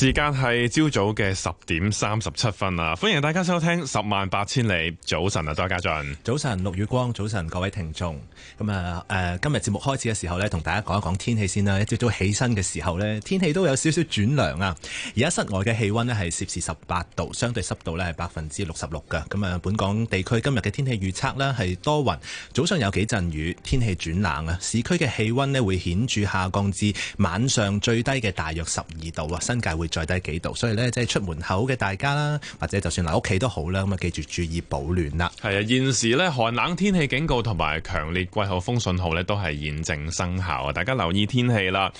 時間係朝早嘅十點三十七分啦，歡迎大家收聽《十萬八千里》。早晨啊，多謝家俊。早晨，陸月光。早晨，各位聽眾。咁啊，誒，今日節目開始嘅時候呢，同大家講一講天氣先啦。一朝早起身嘅時候呢，天氣都有少少轉涼啊。而家室外嘅氣温呢，係攝氏十八度，相對濕度呢係百分之六十六㗎。咁啊，本港地區今日嘅天氣預測呢，係多雲，早上有幾陣雨，天氣轉冷啊。市區嘅氣温呢，會顯著下降至晚上最低嘅大約十二度啊。新界會。再低幾度，所以咧即係出門口嘅大家啦，或者就算留屋企都好啦，咁啊記住注意保暖啦。係啊，現時咧寒冷天氣警告同埋強烈季候風信號咧都係現正生效啊，大家留意天氣啦。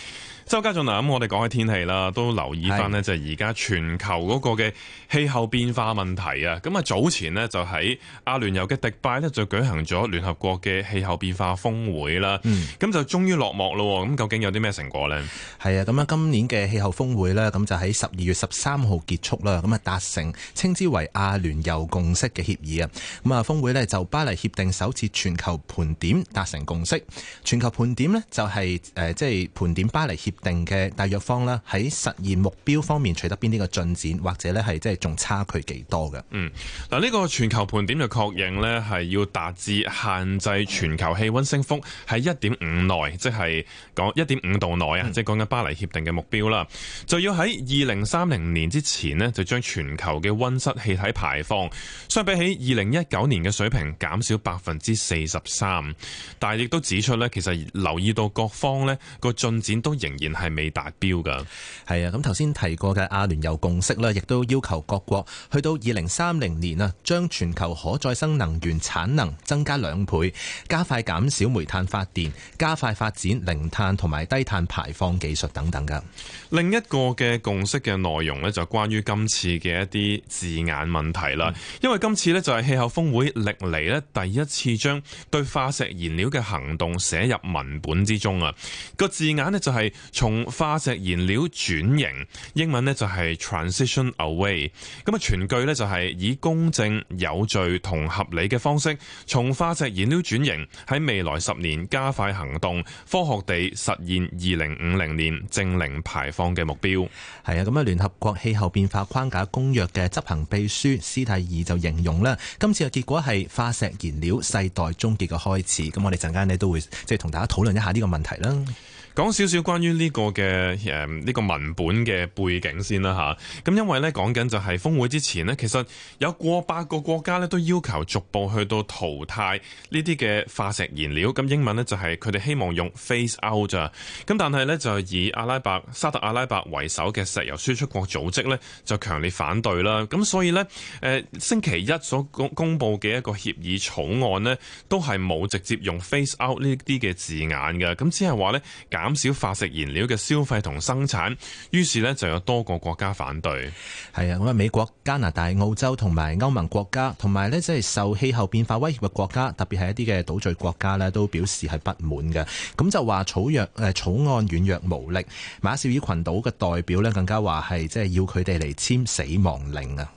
周家俊嗱，咁我哋講起天氣啦，都留意翻咧，就係而家全球嗰個嘅氣候變化問題啊。咁啊，早前咧就喺阿聯酋嘅迪拜咧，就舉行咗聯合國嘅氣候變化峰會啦。咁、嗯、就終於落幕咯。咁究竟有啲咩成果咧？係啊，咁啊，今年嘅氣候峰會咧，咁就喺十二月十三號結束啦。咁啊，達成稱之為阿聯酋共識嘅協議啊。咁啊，峰會咧就巴黎協定首次全球盤點達成共識。全球盤點咧就係、是、誒、即、呃、係、就是、盤點巴黎協。定嘅大藥方啦，喺實現目標方面取得邊啲嘅進展，或者咧係即係仲差距幾多嘅？嗯，嗱，呢個全球盤點就確認呢，係要達至限制全球氣溫升幅喺一點五內，即係講一點五度內啊！即係講緊巴黎協定嘅目標啦，就要喺二零三零年之前呢，就將全球嘅溫室氣體排放相比起二零一九年嘅水平減少百分之四十三，但係亦都指出呢，其實留意到各方呢個進展都仍然。係未達標噶？係啊，咁頭先提過嘅阿聯酋共識啦，亦都要求各國去到二零三零年啊，將全球可再生能源產能增加兩倍，加快減少煤炭發電，加快發展零碳同埋低碳排放技術等等噶。另一個嘅共識嘅內容呢，就關於今次嘅一啲字眼問題啦。因為今次呢，就係氣候峰會歷嚟呢第一次將對化石燃料嘅行動寫入文本之中啊，個字眼呢，就係、是。從化石燃料轉型，英文呢就係 transition away。咁啊，全句呢就係以公正、有序同合理嘅方式，從化石燃料轉型，喺未來十年加快行動，科學地實現二零五零年淨零排放嘅目標。係啊，咁啊，聯合國氣候變化框架公約嘅執行秘書斯蒂爾就形容啦：「今次嘅結果係化石燃料世代終結嘅開始。」咁我哋陣間呢都會即係同大家討論一下呢個問題啦。講少少關於呢個嘅誒呢個文本嘅背景先啦吓，咁因為呢講緊就係峰會之前呢，其實有過百個國家呢都要求逐步去到淘汰呢啲嘅化石燃料，咁英文呢就係佢哋希望用 phase out 啫，咁但係呢就以阿拉伯沙特阿拉伯為首嘅石油輸出國組織呢，就強烈反對啦，咁所以呢、呃，星期一所公公佈嘅一個協議草案呢，都係冇直接用 phase out 呢啲嘅字眼嘅，咁只係話呢，減少化石燃料嘅消費同生產，於是咧就有多個國家反對。係啊，我喺美國、加拿大、澳洲同埋歐盟國家，同埋咧即係受氣候變化威脅嘅國家，特別係一啲嘅島嶼國家咧，都表示係不滿嘅。咁就話草約誒草案軟弱無力，馬紹爾群島嘅代表咧更加話係即係要佢哋嚟簽死亡令啊！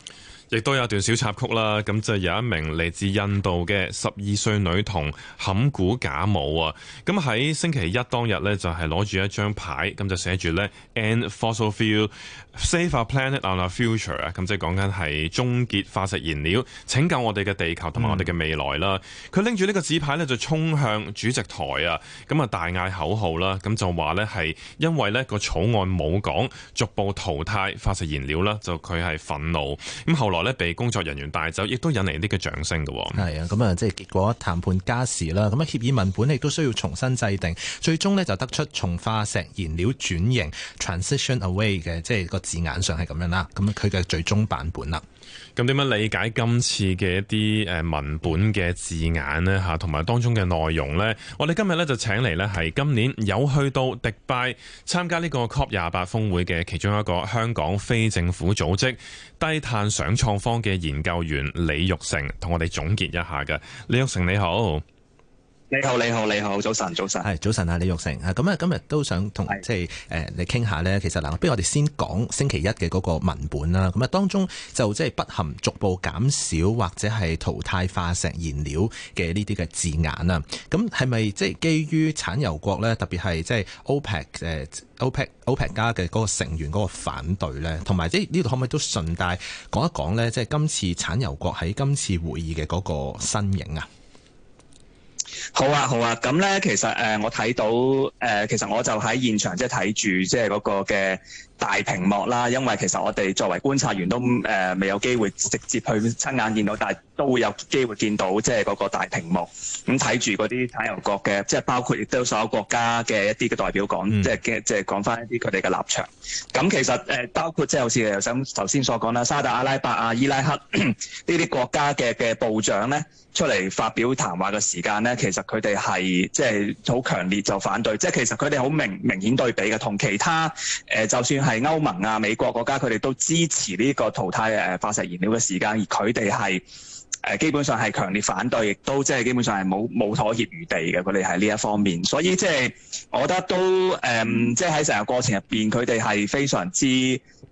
亦都有一段小插曲啦，咁就有一名嚟自印度嘅十二歲女童坎古賈姆啊，咁喺星期一當日咧就係攞住一張牌，咁就寫住咧 end fossil fuel save our planet on our future 啊，咁即係講緊係終結化石燃料，拯救我哋嘅地球同埋我哋嘅未來啦。佢拎住呢個紙牌咧就衝向主席台啊，咁啊大嗌口號啦，咁就話咧係因為咧個草案冇講逐步淘汰化石燃料啦，就佢係憤怒，咁後來。咧被工作人員帶走，亦都引嚟呢個掌聲嘅。係啊，咁啊，即係結果談判加時啦。咁啊，協議文本亦都需要重新制定，最終咧就得出從化石燃料轉型 （transition away） 嘅，即係個字眼上係咁樣啦。咁佢嘅最終版本啦。咁點樣理解今次嘅一啲誒文本嘅字眼呢？吓，同埋當中嘅內容呢？我哋今日呢就請嚟呢，係今年有去到迪拜參加呢個 COP 廿八峰會嘅其中一個香港非政府組織低碳想創方嘅研究員李育成同我哋總結一下㗎，李育成你好。你好，你好，你好，早晨，早晨，係早晨啊，李玉成啊，咁啊，今日都想同即係誒，你傾下咧，其實嗱，不如我哋先講星期一嘅嗰個文本啦。咁啊，當中就即係不含逐步減少或者係淘汰化石燃料嘅呢啲嘅字眼啊。咁係咪即係基於產油國咧，特別係即係 OPEC 誒，OPEC OPEC 家嘅嗰個成員嗰個反對咧，同埋即係呢度可唔可以都順帶講一講咧？即係今次產油國喺今次會議嘅嗰個身影啊？好啊，好啊，咁咧，其實誒、呃，我睇到誒、呃，其實我就喺現場即係睇住，即係嗰個嘅，大屏幕啦，因為其實我哋作為觀察員都誒未、呃、有機會直接去親眼見到，但係都會有機會見到，即係嗰個大屏幕咁睇住嗰啲產油國嘅，即係包括亦都所有國家嘅一啲嘅代表講，嗯、即係即係講翻一啲佢哋嘅立場，咁、嗯、其實誒、呃、包括即係好似又想頭先所講啦，沙特阿拉伯啊、伊拉克呢啲國家嘅嘅部長咧出嚟發表談話嘅時間咧，其實佢哋係即係好強烈就反對，即係其實佢哋好明明顯對比嘅，同其他誒、呃、就算係。係歐盟啊、美國國家，佢哋都支持呢個淘汰誒、呃、化石燃料嘅時間，而佢哋係誒基本上係強烈反對，亦都即係基本上係冇冇妥協餘地嘅，佢哋喺呢一方面，所以即係我覺得都誒，即係喺成個過程入邊，佢哋係非常之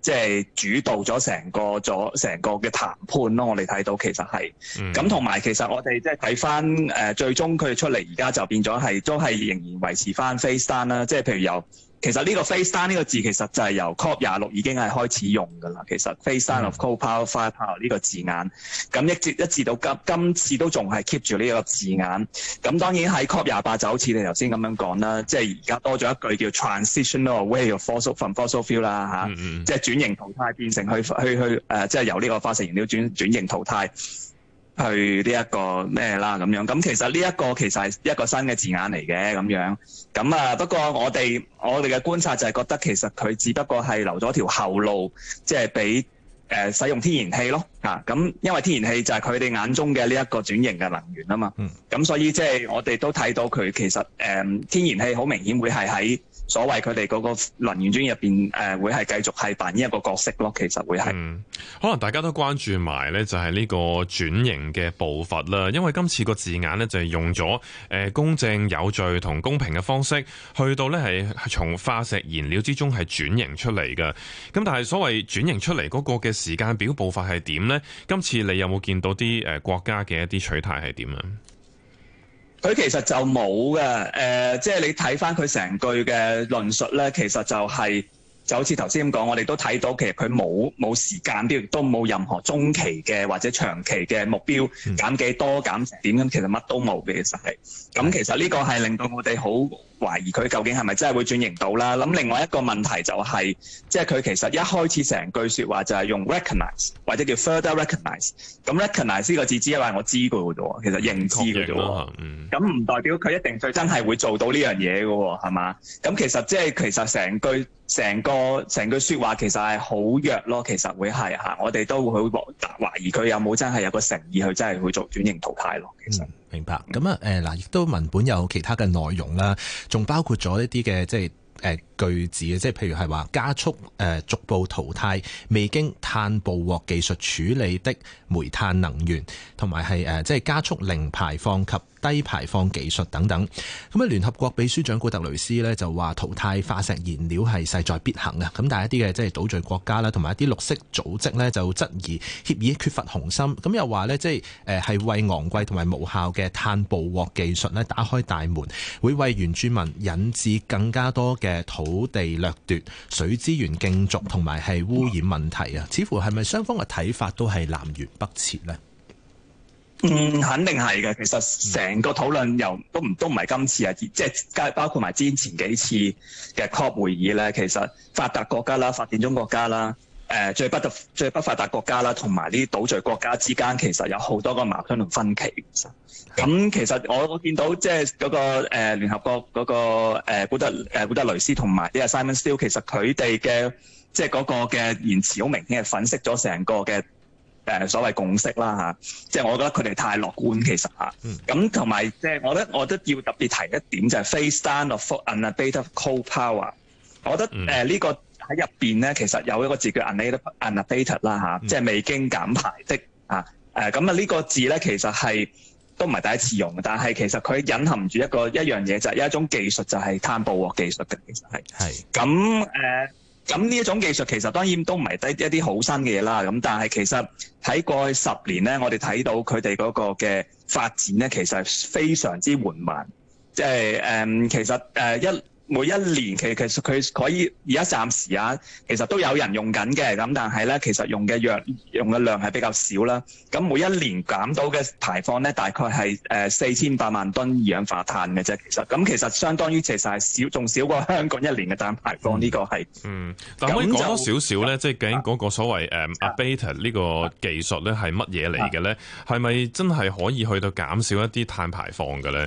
即係、就是、主導咗成個咗成個嘅談判咯。我哋睇到其實係，咁同埋其實我哋即係睇翻誒，最終佢哋出嚟而家就變咗係都係仍然維持翻 phase down 啦，即係譬如由。其實呢個 phase down 呢個字其實就係由 COP 廿六已經係開始用㗎啦。其實 phase down of coal power, fire power 呢個字眼，咁、嗯、一直一直到今今次都仲係 keep 住呢個字眼。咁當然喺 COP 廿八就好似你頭先咁樣講啦，即係而家多咗一句叫 transition away of fossil from fossil fuel 啦、啊、嚇，即係轉型淘汰變成去去去誒，即、呃、係、就是、由呢個化石燃料轉轉型淘汰。去呢一個咩啦，咁樣，咁其實呢一個其實係一個新嘅字眼嚟嘅，咁樣，咁啊，不過我哋我哋嘅觀察就係覺得其實佢只不過係留咗條後路，即係俾誒使用天然氣咯，啊，咁因為天然氣就係佢哋眼中嘅呢一個轉型嘅能源啊嘛，咁、嗯、所以即係我哋都睇到佢其實誒、呃、天然氣好明顯會係喺。所謂佢哋嗰個能源專業入面誒、呃、會係繼續係扮演一個角色咯。其實會係、嗯，可能大家都關注埋咧，就係呢個轉型嘅步伐啦。因為今次個字眼咧就係用咗、呃、公正有序同公平嘅方式，去到咧係從化石燃料之中係轉型出嚟嘅。咁但係所謂轉型出嚟嗰個嘅時間表步伐係點呢？今次你有冇見到啲誒國家嘅一啲取態係點啊？佢其實就冇嘅，誒、呃，即係你睇翻佢成句嘅論述咧，其實就係、是、就好似頭先咁講，我哋都睇到其實佢冇冇時間表，亦都冇任何中期嘅或者長期嘅目標減幾多減成點咁，其實乜都冇嘅，實其實係。咁其實呢個係令到我哋好懷疑佢究竟係咪真係會轉型到啦？諗另外一個問題就係、是，即係佢其實一開始成句說話就係用 recognize 或者叫 further recognize 咁 recognize 呢個字只係話我知佢啫喎，其實認知佢啫喎，咁、嗯、唔、嗯、代表佢一定最真係會做到呢樣嘢嘅喎，係嘛？咁其實即係其實成句成個成句說話其實係好弱咯，其實會係我哋都會好懷疑佢有冇真係有個誠意去真係去做轉型淘汰咯，其實。嗯明白，咁啊，誒嗱，亦都文本有其他嘅內容啦，仲包括咗一啲嘅，即係誒。呃句子嘅，即係譬如係話加速誒逐步淘汰未經碳捕獲技術處理的煤炭能源，同埋係誒即係加速零排放及低排放技術等等。咁啊，聯合國秘書長古特雷斯呢就話淘汰化石燃料係勢在必行啊！咁但係一啲嘅即係島嶼國家啦，同埋一啲綠色組織呢，就質疑協議缺乏雄心，咁又話呢，即係誒係為昂貴同埋無效嘅碳捕獲技術呢，打開大門，會為原住民引致更加多嘅土土地掠奪、水資源競逐同埋係污染問題啊，似乎係咪雙方嘅睇法都係南轅北轍呢？嗯，肯定係嘅。其實成個討論又都唔都唔係今次啊，即係包括埋之前幾次嘅 COP 會議呢。其實發達國家啦，發展中國家啦。誒最不就最不發達國家啦，同埋呢啲島嶼國家之間，其實有好多個矛盾同分歧。咁、嗯嗯，其實我見到即係嗰個誒、呃、聯合國嗰、那個、呃、古德誒、呃、古德雷斯同埋呢個 Simon Steele 其實佢哋嘅即係嗰個嘅言辭好明顯係粉飾咗成個嘅誒、呃、所謂共識啦嚇。即、啊、係、就是、我覺得佢哋太樂觀其實嚇。咁同埋即係我覺得我覺得要特別提一點，就是嗯，就係 Phase down of unabated coal power。我覺得誒呢個。喺入面咧，其實有一個字叫 unabated 啦、嗯、即係未經減排的啊。咁、呃、啊，呢、這個字咧其實係都唔係第一次用，但係其實佢隱含住一個一樣嘢，就係、是、一種技術就係碳捕獲技術嘅，其實係。係。咁誒，咁呢一種技術其實當然都唔係一啲一啲好新嘅嘢啦。咁、嗯、但係其實喺過去十年咧，我哋睇到佢哋嗰個嘅發展咧，其實係非常之緩慢。即係誒，其實誒、呃、一。每一年，其其實佢可以而家暫時啊，其實都有人用緊嘅咁，但係咧，其實用嘅藥用嘅量係比較少啦。咁每一年減到嘅排放咧，大概係誒四千八萬噸二氧化碳嘅啫。其實咁其實相當於其實係少，仲少過香港一年嘅碳排放呢、嗯呢個係嗯。但係可，可以講多少少咧，即係究竟嗰個所謂誒、啊 uh, a b e t a 呢個技術咧係乜嘢嚟嘅咧？係、啊、咪、啊、真係可以去到減少一啲碳排放嘅咧？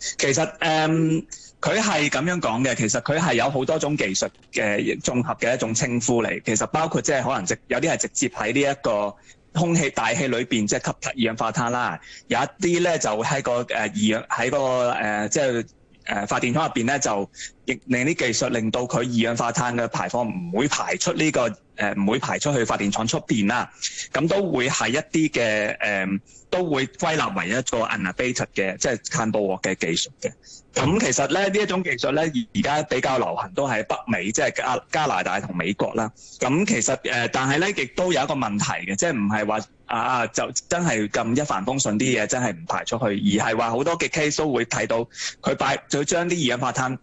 其實誒。Um, 佢係咁樣講嘅，其實佢係有好多種技術嘅綜合嘅一種稱呼嚟。其實包括即係可能直有啲係直接喺呢一個空氣大氣裏面，即、就、係、是、吸收二氧化碳啦。有一啲咧就喺、那個誒二氧喺、那個個即係誒發電廠入面，咧，就令啲技術令到佢二氧化碳嘅排放唔會排出呢、這個誒唔、呃、會排出去發電廠出面啦。咁都會係一啲嘅誒都會歸納為一個 unabated 嘅即係碳捕獲嘅技術嘅。咁其實咧，呢一種技術咧，而而家比較流行都喺北美，即係加加拿大同美國啦。咁其實誒，但係咧，亦都有一個問題嘅，即係唔係話啊就真係咁一帆風順啲嘢，真係唔排出去，而係話好多嘅 case 都會睇到佢把佢將啲二氧化碳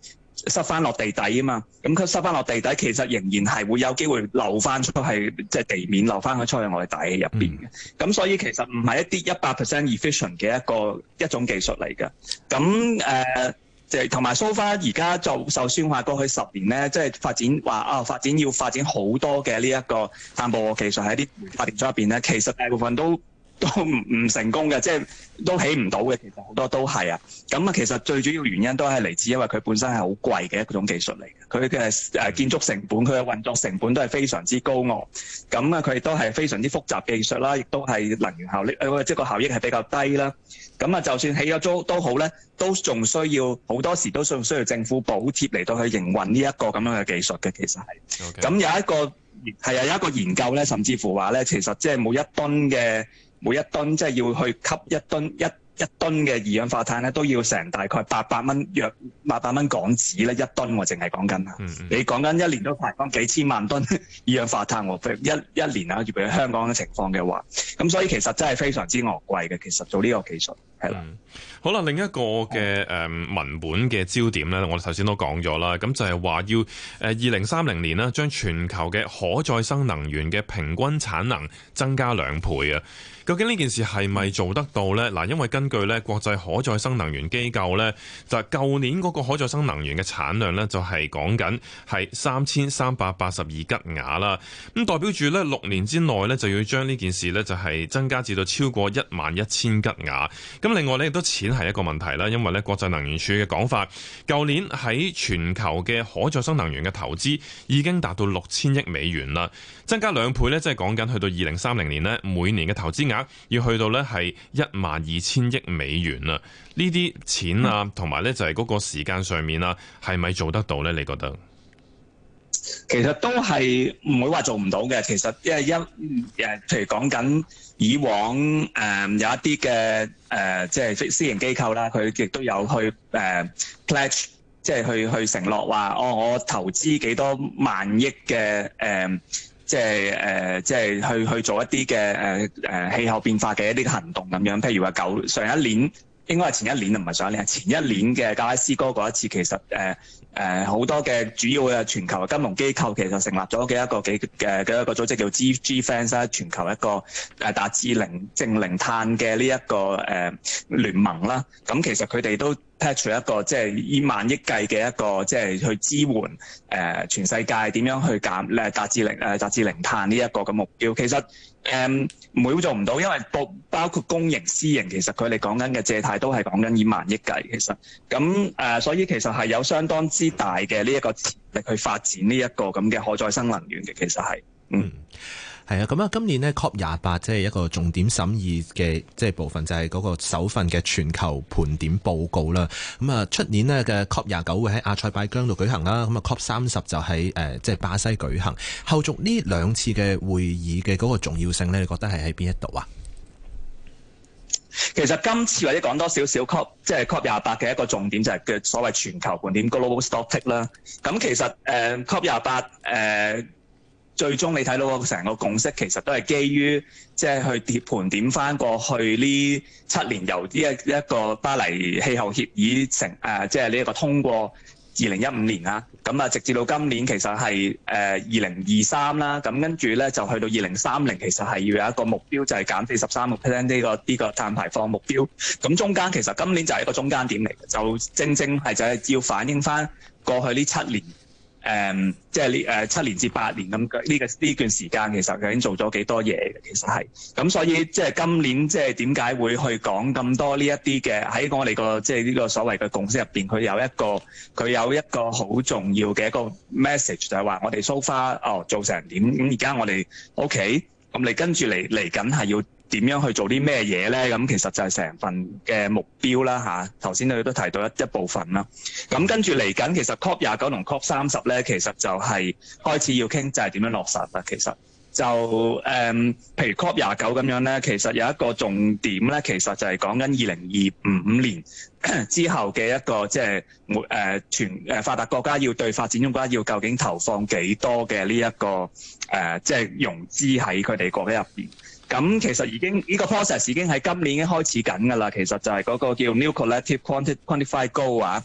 塞翻落地底啊嘛，咁佢塞翻落地底，其實仍然係會有機會流翻出去，即、就、係、是、地面流翻去出去我哋大氣入邊嘅。咁、嗯、所以其實唔係一啲一百 percent efficient 嘅一個一種技術嚟嘅。咁誒，即係同埋 so far 而家就、so、far，就算話，過去十年咧，即、就、係、是、發展話啊、哦，發展要發展好多嘅呢一個碳捕獲技術喺啲發電廠入邊咧，其實大部分都。都唔成功嘅，即係都起唔到嘅。其實好多都係啊。咁啊，其實最主要原因都係嚟自因為佢本身係好貴嘅一種技術嚟嘅。佢嘅誒建築成本、佢嘅運作成本都係非常之高昂。咁啊，佢都係非常之複雜技術啦，亦都係能源效益誒，即係個效益係比較低啦。咁啊，就算起咗租都好咧，都仲需要好多時都需要政府補貼嚟到去營運呢一個咁樣嘅技術嘅。其實係。咁、okay. 有一個係啊，有一個研究咧，甚至乎話咧，其實即係冇一噸嘅。每一噸即係要去吸一噸一一噸嘅二氧化碳咧，都要成大概八百蚊，約八百蚊港紙咧一噸。我淨係講緊啊，你講緊一年都排放幾千萬噸二氧化碳喎，一一年啊，如果香港嘅情況嘅話，咁所以其實真係非常之昂貴嘅。其實做呢個技術係啦、嗯，好啦，另一個嘅誒、嗯、文本嘅焦點咧，我哋頭先都講咗啦，咁就係、是、話要誒二零三零年咧，將全球嘅可再生能源嘅平均產能增加兩倍啊！究竟呢件事係咪做得到咧？嗱，因為根據咧國際可再生能源機構咧，就係舊年嗰個可再生能源嘅產量咧，就係講緊係三千三百八十二吉瓦啦。咁代表住咧六年之內咧，就要將呢件事咧就係增加至到超過一萬一千吉瓦。咁另外咧亦都錢係一個問題啦，因為咧國際能源署嘅講法，舊年喺全球嘅可再生能源嘅投資已經達到六千億美元啦，增加兩倍咧，即係講緊去到二零三零年咧，每年嘅投資額。要去到咧係一萬二千億美元啦，呢啲錢啊，同埋咧就係嗰個時間上面啦，係咪做得到咧？你覺得？其實都係唔會話做唔到嘅，其實因為一誒，譬如講緊以往誒、呃、有一啲嘅誒，即、呃、係、就是、私營機構啦，佢亦都有去誒、呃、pledge，即係去去承諾話哦，我投資幾多萬億嘅誒。呃即係誒、呃，即係去去做一啲嘅誒誒氣候變化嘅一啲行動咁樣。譬如話九上一年，應該係前一年，唔係上一年係前一年嘅格拉斯哥嗰一次，其實誒。呃誒、呃、好多嘅主要嘅全球嘅金融機構，其實成立咗嘅一個幾嘅、呃、一個組織叫 G G Fans 啦，全球一個誒、呃、達至零淨零碳嘅呢一個誒、呃、聯盟啦。咁、嗯、其實佢哋都 pat 出一個即係以萬億計嘅一個即係去支援誒、呃、全世界點樣去減誒達至零誒達至零碳呢一個嘅目標，其實。誒，每做唔到，因為包包括公營、私營，其實佢哋講緊嘅借貸都係講緊以萬億計，其實咁誒，uh, 所以其實係有相當之大嘅呢一個潛力去發展呢一個咁嘅可再生能源嘅，其實係，嗯。嗯。係啊，咁啊，今年咧 COP 廿八即係一個重點審議嘅即係部分，就係、是、嗰個首份嘅全球盤點報告啦。咁啊，出年咧嘅 COP 廿九會喺阿塞拜疆度舉行啦。咁啊，COP 三十就喺誒即係巴西舉行。後續呢兩次嘅會議嘅嗰個重要性咧，你覺得係喺邊一度啊？其實今次或者講多少少 COP 即係 COP 廿八嘅一個重點就係嘅所謂全球盤點 global stocktake 啦。咁其實誒 COP 廿八誒。呃最終你睇到個成個共識其實都係基於，即係去跌盤點翻過去呢七年由呢一一個巴黎氣候協議成誒，即係呢一個通過二零一五年啦，咁啊直至到今年其實係誒二零二三啦，咁、呃啊、跟住咧就去到二零三零，其實係要有一個目標，就係減四十三個 percent 呢個呢、這個、碳排放目標。咁、啊、中間其實今年就係一個中間點嚟，就正正係就係要反映翻過去呢七年。誒，即係呢誒七年至八年咁，呢個呢段時間其實佢已經做咗幾多嘢嘅，其實係咁，所以即係、就是、今年即係點解會去講咁多呢一啲嘅？喺我哋個即係呢個所謂嘅共識入邊，佢有一個佢有一個好重要嘅一個 message，就係話我哋 so far 哦做成點？咁而家我哋 OK，咁你跟住嚟嚟緊係要。點樣去做啲咩嘢咧？咁其實就係成份嘅目標啦，吓頭先佢都提到一一部分啦。咁跟住嚟緊，其實 COP 廿九同 COP 三十咧，其實就係開始要傾就係點樣落實啦。其實就誒、嗯，譬如 COP 廿九咁樣咧，其實有一個重點咧，其實就係講緊二零二五年之後嘅一個即係誒全誒、呃、發達國家要對發展中國家要究竟投放幾多嘅呢一個誒，即、呃、係、就是、融資喺佢哋國家入邊。咁其實已經呢、這個 process 已經喺今年已經開始緊㗎啦，其實就係嗰個叫 New Collective Quantified Goal 啊，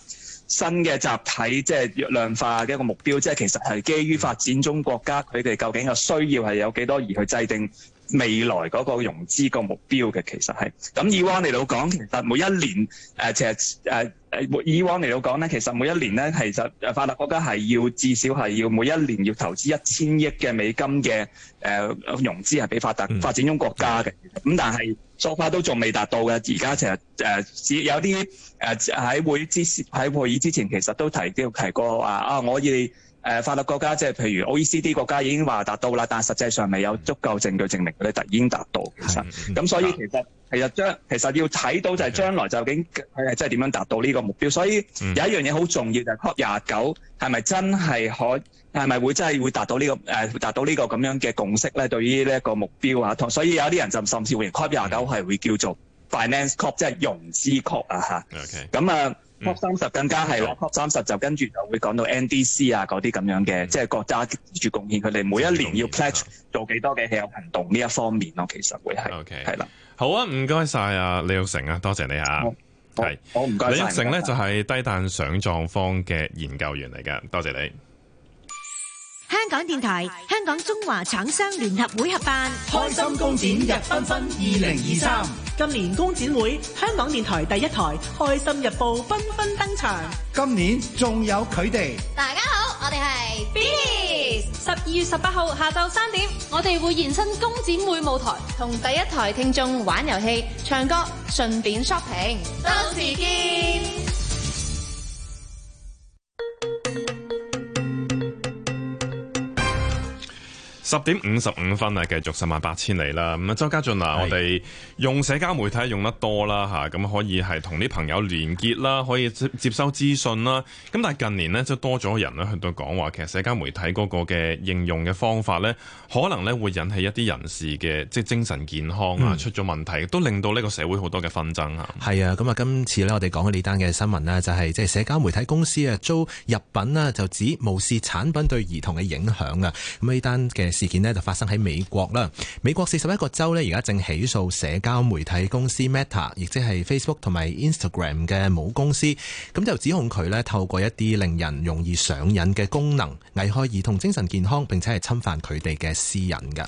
新嘅集體即係、就是、量化嘅一個目標，即、就、係、是、其實係基於發展中國家佢哋究竟嘅需要係有幾多而去制定。未來嗰個融資個目標嘅其實係咁，以往嚟到講，其實每一年誒、呃，其實誒、呃、以往嚟到講咧，其實每一年咧，其實誒，發達國家係要至少係要每一年要投資一千億嘅美金嘅、呃、融資係俾發達發展中國家嘅，咁、嗯、但係 s 法都仲未達到嘅，而家其實誒、呃，有啲誒喺會之喺會議之前，之前其實都提提過話啊，我以……」誒、呃、法律國家即係譬如 O E C D 國家已經話達到啦，但實際上未有足夠證據證明佢哋達已經達到、嗯。其實咁，所、嗯、以其實其實將其實要睇到就係將來究竟佢係真係點樣達到呢個目標。Okay. 所以有一樣嘢好重要就係 COP 廿九係咪真係可係咪會真係會達到呢、這個誒達、呃、到呢個咁樣嘅共識咧？對於呢一個目標啊，同所以有啲人就甚至會認 COP 廿九係會叫做 finance COP，即係融資 COP 啊嚇。咁啊～、okay. 嗯呃 Top 三十更加係啦，Top 三十就跟住就會講到 NDC 啊嗰啲咁樣嘅、嗯，即係國家自主貢獻，佢哋每一年要 pledge 做幾多嘅氣候行動呢一方面咯，其實會係。OK，係啦，好啊，唔該晒啊，李育成啊，多謝你嚇、啊，係，我唔該。李育成咧就係低碳想創坊嘅研究員嚟噶，多謝你。香港電台、香港中華廠商聯合會合辦開心公展日繽紛二零二三，今年公展會香港電台第一台開心日報繽紛登場，今年仲有佢哋，大家好，我哋係 Billy。十二月十八號下晝三點，我哋會現身公展會舞台，同第一台聽眾玩遊戲、唱歌，順便 shopping，到時見。十點五十五分啊，繼續十萬八千里啦。咁啊，周家俊啊，我哋用社交媒體用得多啦嚇，咁可以係同啲朋友連結啦，可以接接收資訊啦。咁但係近年呢，就多咗人去到講話，其實社交媒體嗰個嘅應用嘅方法呢，可能呢會引起一啲人士嘅即係精神健康啊出咗問題，都令到呢個社會好多嘅紛爭啊，係啊，咁啊，今次呢，我哋講緊呢單嘅新聞呢，就係即係社交媒體公司啊，遭入稟啊，就指無視產品對兒童嘅影響啊。咁呢單嘅。事件呢就發生喺美國啦，美國四十一個州呢，而家正起訴社交媒體公司 Meta，亦即係 Facebook 同埋 Instagram 嘅母公司，咁就指控佢呢，透過一啲令人容易上癮嘅功能，危害兒童精神健康，並且係侵犯佢哋嘅私隱㗎。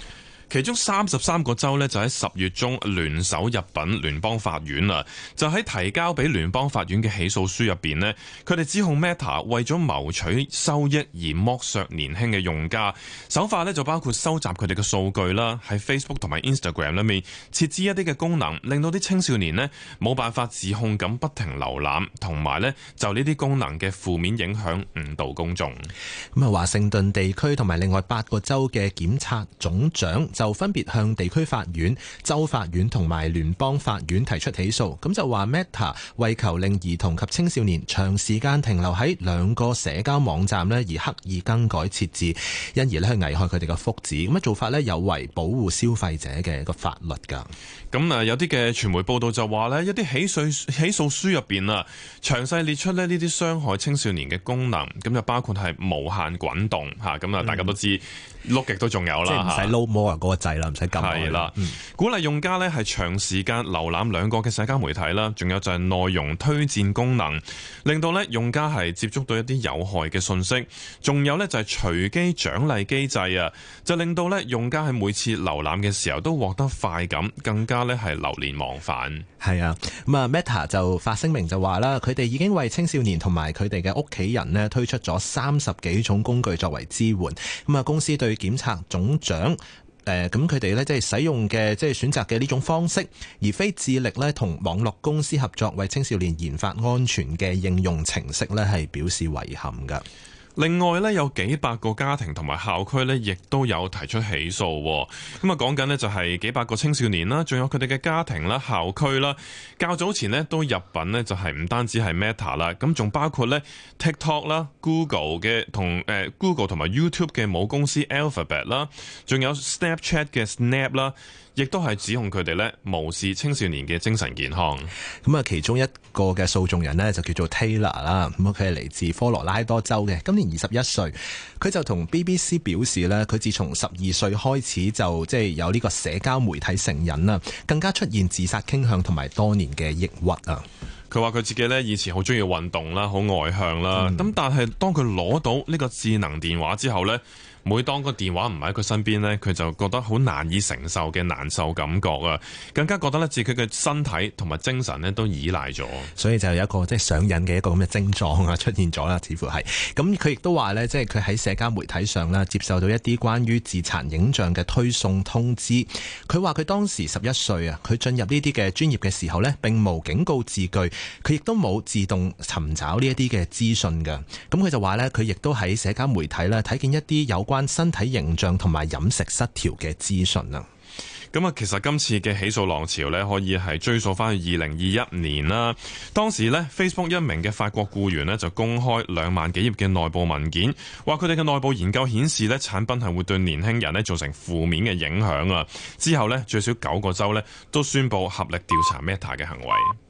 其中三十三個州呢就喺十月中聯手入稟聯邦法院啦。就喺提交俾聯邦法院嘅起訴書入邊呢，佢哋指控 Meta 為咗謀取收益而剝削年輕嘅用家，手法呢就包括收集佢哋嘅數據啦，喺 Facebook 同埋 Instagram 裏面設置一啲嘅功能，令到啲青少年呢冇辦法自控咁不停瀏覽，同埋呢就呢啲功能嘅負面影響誤導公眾。咁啊，華盛頓地區同埋另外八個州嘅檢察總長，就分別向地區法院、州法院同埋聯邦法院提出起訴，咁就話 Meta 為求令兒童及青少年長時間停留喺兩個社交網站呢而刻意更改設置，因而咧去危害佢哋嘅福祉，咁做法呢有違保護消費者嘅一個法律㗎。咁啊，有啲嘅傳媒報道就話呢一啲起訴起訴書入面啊，詳細列出呢啲傷害青少年嘅功能，咁就包括係無限滾動嚇，咁、嗯、啊，大家都知碌極都仲有啦使個制啦，唔使撳。係啦、嗯，鼓勵用家咧係長時間瀏覽兩個嘅社交媒體啦，仲有就係內容推薦功能，令到咧用家係接觸到一啲有害嘅信息。仲有咧就係隨機獎勵機制啊，就令到咧用家喺每次瀏覽嘅時候都獲得快感，更加咧係流連忘返。係啊，咁啊，Meta 就發聲明就話啦，佢哋已經為青少年同埋佢哋嘅屋企人咧推出咗三十幾種工具作為支援。咁啊，公司對檢察總長。誒咁佢哋咧，即係使用嘅，即係選擇嘅呢種方式，而非致力咧同網絡公司合作，為青少年研發安全嘅應用程式咧，係表示遺憾㗎。另外咧，有幾百個家庭同埋校區咧，亦都有提出起訴，咁啊，講緊咧就係幾百個青少年啦，仲有佢哋嘅家庭啦、校區啦。較早前咧都入稟咧，就係唔單止係 Meta 啦，咁仲包括咧 TikTok 啦、Google 嘅同誒 Google 同埋 YouTube 嘅母公司 Alphabet 啦，仲有 Snapchat 嘅 Snap 啦，亦都係指控佢哋咧無視青少年嘅精神健康。咁啊，其中一個嘅訴訟人咧就叫做 Taylor 啦，咁佢係嚟自科羅拉多州嘅，今年二十一歲，佢就同 BBC 表示咧，佢自從十二歲開始就即係有呢個社交媒體成癮啦，更加出現自殺傾向同埋多年嘅抑鬱啊。佢話佢自己咧以前好中意運動啦，好外向啦，咁但係當佢攞到呢個智能電話之後呢。每當個電話唔喺佢身邊呢，佢就覺得好難以承受嘅難受感覺啊，更加覺得咧自己嘅身體同埋精神呢都依賴咗，所以就有一個即係上癮嘅一個咁嘅症狀啊出現咗啦，似乎係。咁佢亦都話呢，即係佢喺社交媒體上啦，接受到一啲關於自殘影像嘅推送通知。佢話佢當時十一歲啊，佢進入呢啲嘅專業嘅時候呢，並冇警告字句，佢亦都冇自動尋找呢一啲嘅資訊嘅。咁佢就話呢，佢亦都喺社交媒體咧睇見一啲有關。翻身體形象同埋飲食失調嘅資訊啊！咁啊，其實今次嘅起訴浪潮呢可以係追溯翻去二零二一年啦。當時呢，Facebook 一名嘅法國僱員呢就公開兩萬幾頁嘅內部文件，話佢哋嘅內部研究顯示呢產品係會對年輕人呢造成負面嘅影響啊！之後呢，最少九個州呢都宣布合力調查 Meta 嘅行為。